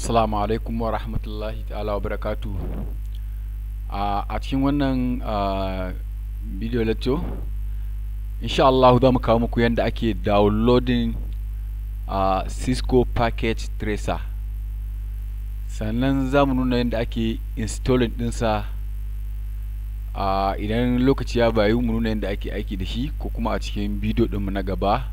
assalamu alaikum wa rahmatullahi ta'ala wa barakatu a cikin wannan video lecture insha Allah za mu kawo muku yadda ake downloading Cisco package tracer sannan za mu nuna yadda ake installing dinsa idan lokaci ya bayu mu nuna yadda ake aiki da shi ko kuma a cikin bidiyo ɗinmu na gaba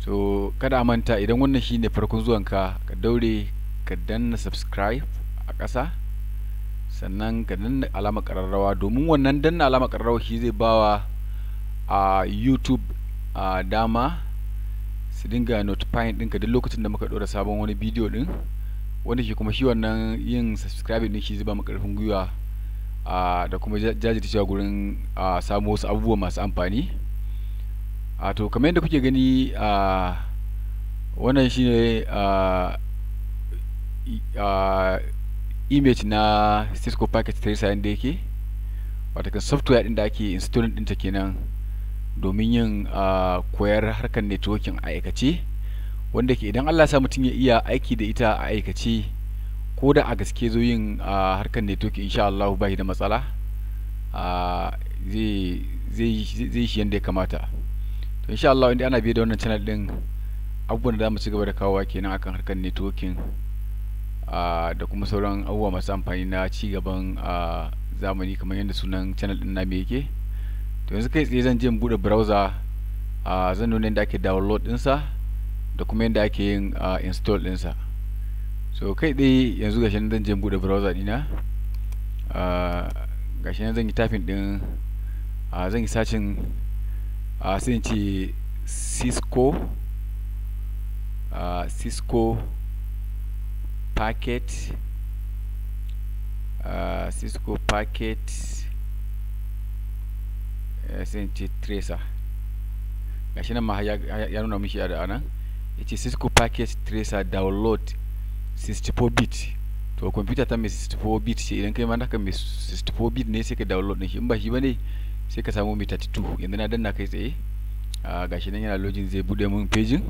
to kada manta idan wannan shi ne farkon zuwanka ka daure ka danna subscribe a ƙasa sannan ka danna alama ƙararrawa domin wannan danna alama ƙararrawa shi zai bawa a youtube a dama su dinga notifying ka duk lokacin da muka ɗora sabon wani bidiyo ɗin wanda shi kuma shi wannan yin subscribe ɗin shi zai ba mu ƙarfin gwiwa da kuma cewa gurin samu wasu abubuwa masu amfani a to kamar yadda kuke gani a wannan shi ne. image na cisco packet tracer yadda yake watakan software din da ake installing ɗinta kenan domin yin koyar harkar networking a aikace wanda ke idan Allah sa mutum ya iya aiki da ita a aikace ko da a gaske zo yin harkar networking insha Allah ba da matsala zai shi yadda ya kamata to insha Allah inda ana biye da wannan channel din abubuwan da za mu ci gaba da kawowa kenan akan harkar networking da kuma sauran abubuwa masu amfani na cigaban zamani kamar yadda sunan channel din na yake to yanzu kai tsaye zan je in bude browser zan nuna yadda ake download dinsa da kuma yadda ake yin install dinsa so kai tsaye yanzu gashi nan zan je in bude browser dina gashi nan zan yi tafin din zan yi sacin sai in ce cisco cisco packet uh, cisco packet eh, SNT tracer gashi nan ma ya ya nuna mishi da anan ya ce cisco packet tracer download 64 bit to computer ta mai 64 bit ce idan kai ma naka mai 64 bit ne sai ka download din shi in ba shi bane sai ka samu mai 32 yanzu na danna kai tsaye uh, gashi nan yana login zai bude mun pejin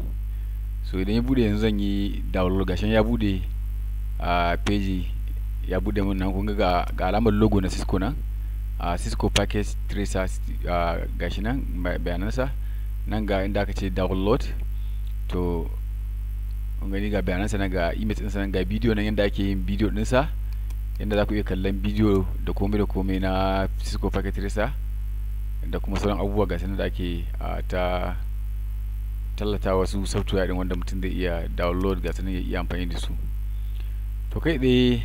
so idan ya bude yanzu zan yi download gashi ya bude a peji ya bude mun nan kun ga ga alamar logo na Cisco nan a Cisco package tracer gashi nan bayanansa nan ga inda aka ce download to kun gani ga bayanansa nan ga image ɗinsa nan ga bidiyo nan yadda ake yin bidiyo ɗinsa yadda za ku iya kallon bidiyo da komai da komai na Cisco package tracer da kuma sauran abubuwa ga sanar da ake ta tallata wasu software din wanda mutum zai iya download ga sanar ya iya amfani da su to kai tsaye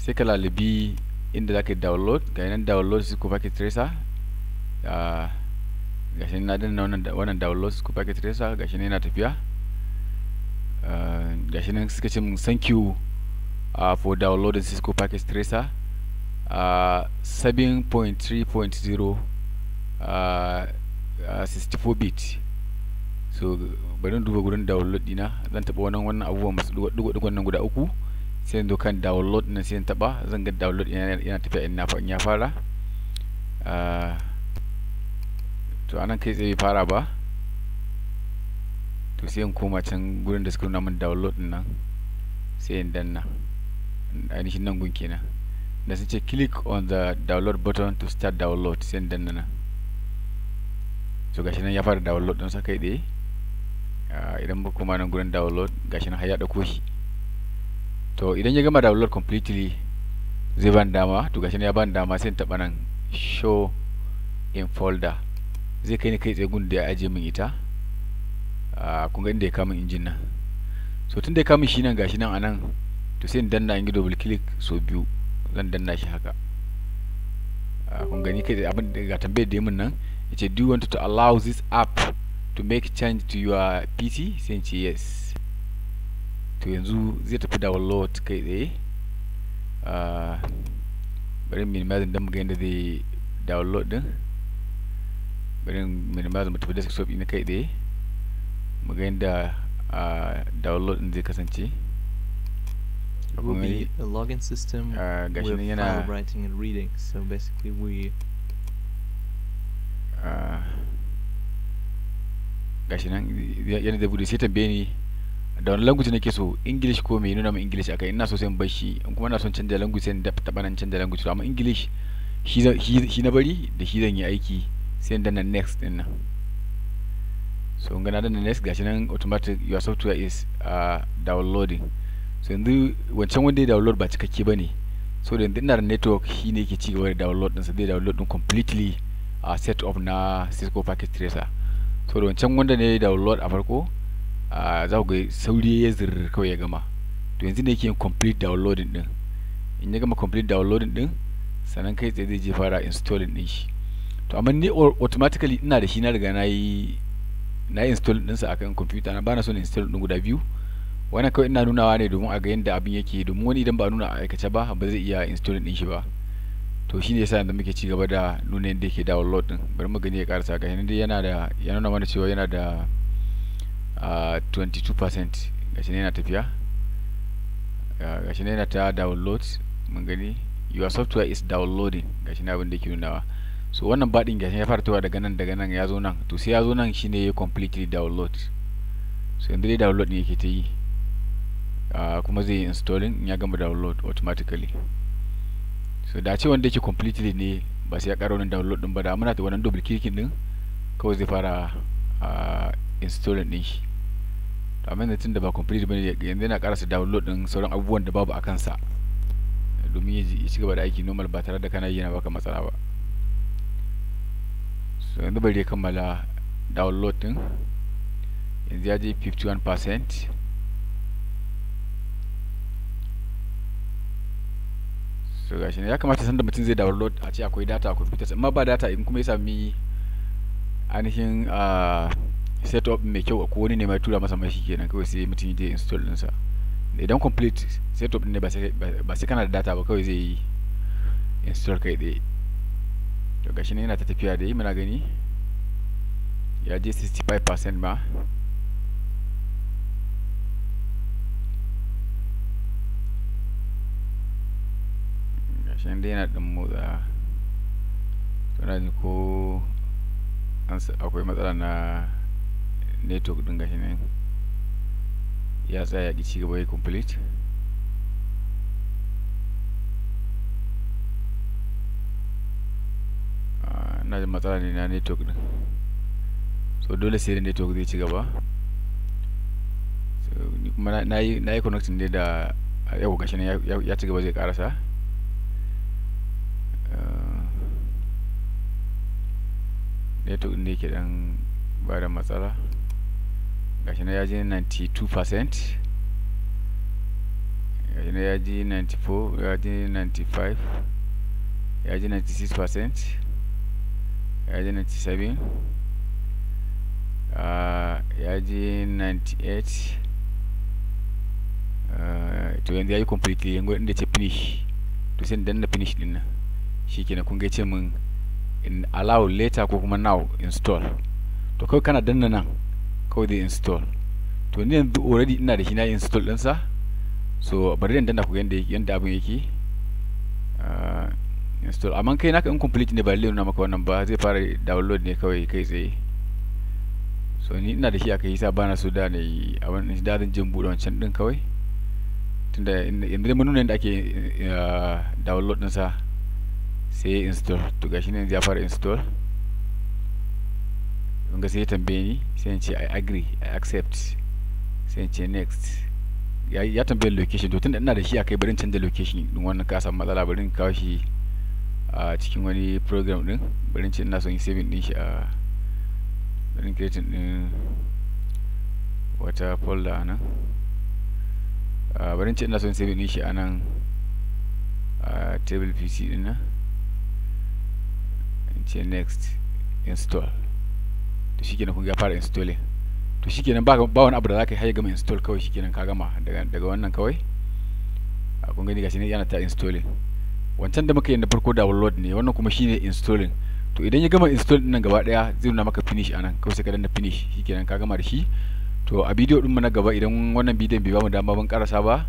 sai ka lalibi inda za ka yi download ga yanar download cisco ah, packet tracer ga shi na danna wannan download cisco packet tracer ga shi yana tafiya ah, ga shi nan suka ce mun thank you uh, for downloading cisco packet tracer uh, 7.3.0 uh, uh, 64 bit so bari duba gurin download dina zan taɓa wannan wannan abubuwan masu dugo-dugo nan guda uku sai in zo kan download na sai in taba zan ga download yana tafiya in na in ya fara ah, to anan kai tsaye fara ba to sai in koma can gurin da suka nuna min download nan sai in danna ainihin nan gun kenan da sun ce click on the download button to start download sai in danna nan so gashi nan ya fara download din sa kai dai ah, idan ba koma nan gurin download gashi nan har ya dauko shi to idan ya gama download completely zai ban dama to gashi ya ban dama sai in taɓa nan show in folder zai kai ni kai tsaye gun da ya aje min ita a ah, kun ga inda ya kama injin nan so tun ya kama shi nan gashi nan anan to sai in danna in yi double click so biyu zan danna shi haka a ah, kun gani kai abin da ga tambayar da min nan yace do you want to allow this app to make change to your PC sai in ce yes to yanzu zai tafi da download kai tsaye ah, bari minimizing don mu ga yadda zai download din bari minimizing mu tafi desktop ina kai tsaye mu ga yadda ah, download din zai kasance Ruby, a login system ah, with file writing and reading. So basically, we uh, gashi nan yana da bude sai tambaye ni da wani language nake so english ko me nuna mu english akai ina so sai in barshi in kuma ina son canja language sai in taba nan canja language to amma english shi shi na bari da shi zan yi aiki sai in danna next din nan so in gana danna next gashi nan automatic your software is uh, downloading so yanzu wancan wanda ya download ba cikakke bane so da yanzu ina da network shi ne yake cigaba da download din sa zai download din completely a uh, set up na Cisco packet tracer so da wancan wanda ne ya download a farko za ku ga sauri ya zirr kawai ya gama to yanzu ne yake yin complete downloading din in ya gama complete downloading din sannan kai tsaye zai je fara installing din shi to amma ni automatically ina da shi na riga na yi na yi din ɗinsa akan computer na bana son install ɗin guda biyu wannan kawai ina nunawa ne domin a ga yadda abin yake domin wani idan ba nuna a aikace ba ba zai iya install ɗin shi ba to shine yasa yanzu muke ci gaba da nuna yadda yake download din bari mu gani ya karasa ga yanzu dai yana da ya nuna mana cewa yana da 22% gashi ne na tafiya gashi ne na ta download mun gani your software is downloading gashi ne abin da yake nunawa so wannan baɗin gashi ya fara tawa daga nan daga nan ya zo nan to sai ya zo nan shine ya completely download so yanzu dai download ne yake ta yi kuma zai yi installing in ya gama download automatically so da ce wanda yake completely ne ba sai ya ƙara wani download din ba da muna ta wannan double clicking din kawai zai fara installing din shi to amma yanzu tunda ba complete bane yanzu yana karasa download din sauran abubuwan da babu a kansa domin ya ci gaba da aiki normal ba tare da kana yana baka matsala ba so yanzu bari ya kammala download din yanzu ya je 51% so gashi ne ya kamata sanda mutum zai download a ce akwai data a computer amma ba data in kuma ya sami ainihin uh, setup mai kyau ko wani ne ma tura masa mashi kenan kawai sai mutum ya je install ɗinsa idan complete setup ne ba sai kana da data ba kawai zai yi install kai tsaye to gashi ne yana ta tafiya da yi muna gani ya je 65% ma gashi ne yana ɗan motsa na ko akwai matsala na network din gashi nan ya tsaya ki ci gaba ya complete ah, na da matsala ne na network din so dole sai da network zai ci gaba kuma na yi connecting ne da yau gashi nan ya ci gaba zai karasa ah, network ne ke dan ba da matsala gashi uh, uh, na yaji 92% gashi na yaji 94 yaji 95 yaji 96% yaji 97 uh, yaji 98 to yanzu yayi completely yango inda ce finish to sai danna finish din nan shikenan kun ga ce min in allow later ko kuma now install to kai kana danna nan kawai zai install to ni yanzu already ina da shi na install ɗinsa so bari dan danna ku yanda yanda abin yake ah, install amma kai naka complete ne ba lallai nuna maka wannan ba zai fara download ne kawai kai tsaye so ni ina da shi aka yi sa bana so da ne a da da zan jin buɗe wancan din kawai tunda yanzu mun nuna yadda ake ah, download ɗinsa sai install to gashi ne ya fara install kun ga sai ya tambaye ni sai in ce i agree i accept sai in ce next ya tambaye location to tunda ina da shi akai barin canza location din wannan ka samu matsala barin kawo shi a cikin wani program din barin ce ina son yi saving din shi a barin creating din wata folder anan barin ce ina son saving din shi anan a table pc din nan in ce next install to shikenan kun ga fara installing to shikenan ba ba wani abu da zaka yi har gama install kawai shikenan ka gama daga daga wannan kawai a kun gani gashi ne yana ta installing wancan da muka yi na farko download ne wannan kuma shine installing to idan ya gama install din nan gaba daya zai nuna maka finish anan kawai sai ka danna finish shikenan ka gama da shi to a bidiyo din mu na gaba idan wannan bidiyon bai ba mu dama ban karasa ba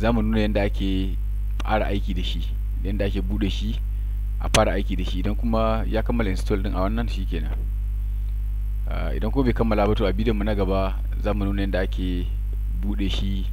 za mu nuna yadda ake fara aiki da shi yadda ake bude shi a fara aiki da shi idan kuma ya kammala install din a wannan shikenan Ah, idan ko bai kammala ba to a bidiyon mu na gaba za mu nuna yadda ake buɗe shi